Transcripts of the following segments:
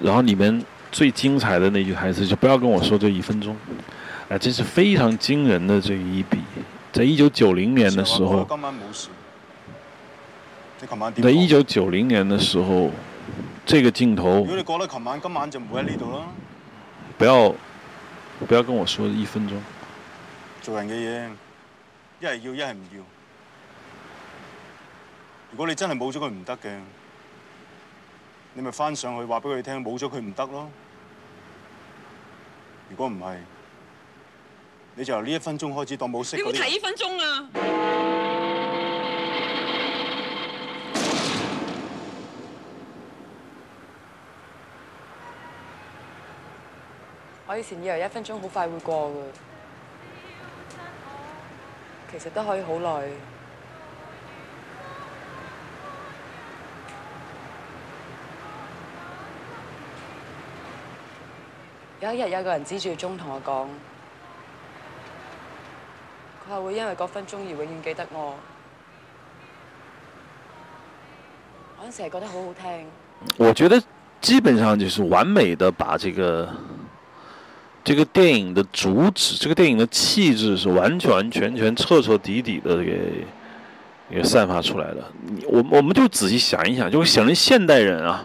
然後裏面最精彩的那句台詞，就不要跟我說這一分鐘，哎、啊，這是非常驚人的這一筆。在一九九零年的時候，在一九九零年的時候，嗯、這個鏡頭如果你過咗琴晚，今晚就唔會喺度。不要不要跟我說這一分鐘。做人嘅嘢，一係要一係唔要。如果你真係冇咗佢唔得嘅。你咪翻上去話俾佢聽，冇咗佢唔得咯。如果唔係，你就由呢一分鐘開始當冇識嗰啲。你唔好睇呢分鐘啊！我以前以為一分鐘好快會過嘅，其實都可以好耐。有一日有個人指住鐘同我講，佢係會因為嗰分鐘而永遠記得我。我成日覺得好好聽。我覺得基本上就是完美的，把這個這個電影的主旨、這個電影的氣質，是完全完全全、徹徹底底嘅，給給散發出來嘅。我我們就仔細想一想，就會想現代人啊。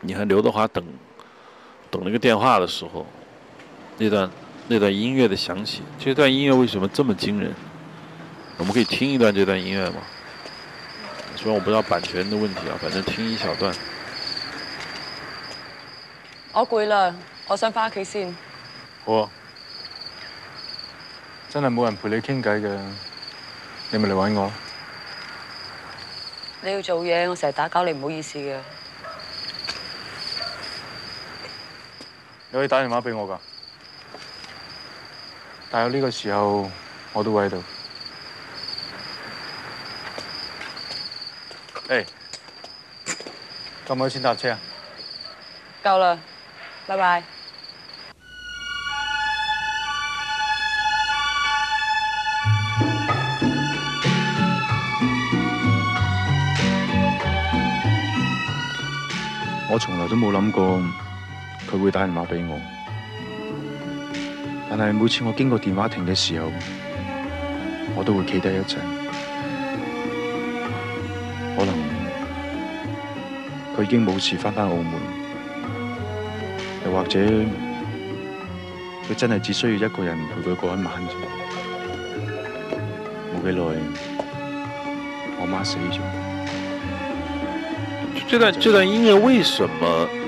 你和劉德華等，等那個電話的時候，那段那段音樂的響起，這段音樂為什麼這麼驚人？我們可以聽一段這段音樂嗎？雖然我不知道版權的問題啊，反正聽一小段。我攰啦，我想翻屋企先。好啊，真係冇人陪你傾偈嘅，你咪嚟搵我。你要做嘢，我成日打攪你唔好意思嘅。你可以打電話俾我㗎，大約呢個時候我都會喺度。誒，夠唔夠錢搭車？夠喇，拜拜。我從來都冇諗過。佢會打電話畀我，但係每次我經過電話亭嘅時候，我都會記得一切。可能佢已經冇事翻返澳門，又或者佢真係只需要一個人陪佢過一晚。冇幾耐，我媽死咗。這段、個、這段、個、音樂為什麼？